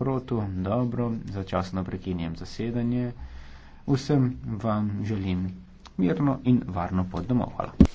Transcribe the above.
nasprotu, dobro, začasno prekinjam zasedanje. Vsem vam želim mirno in varno pot domov. Hvala.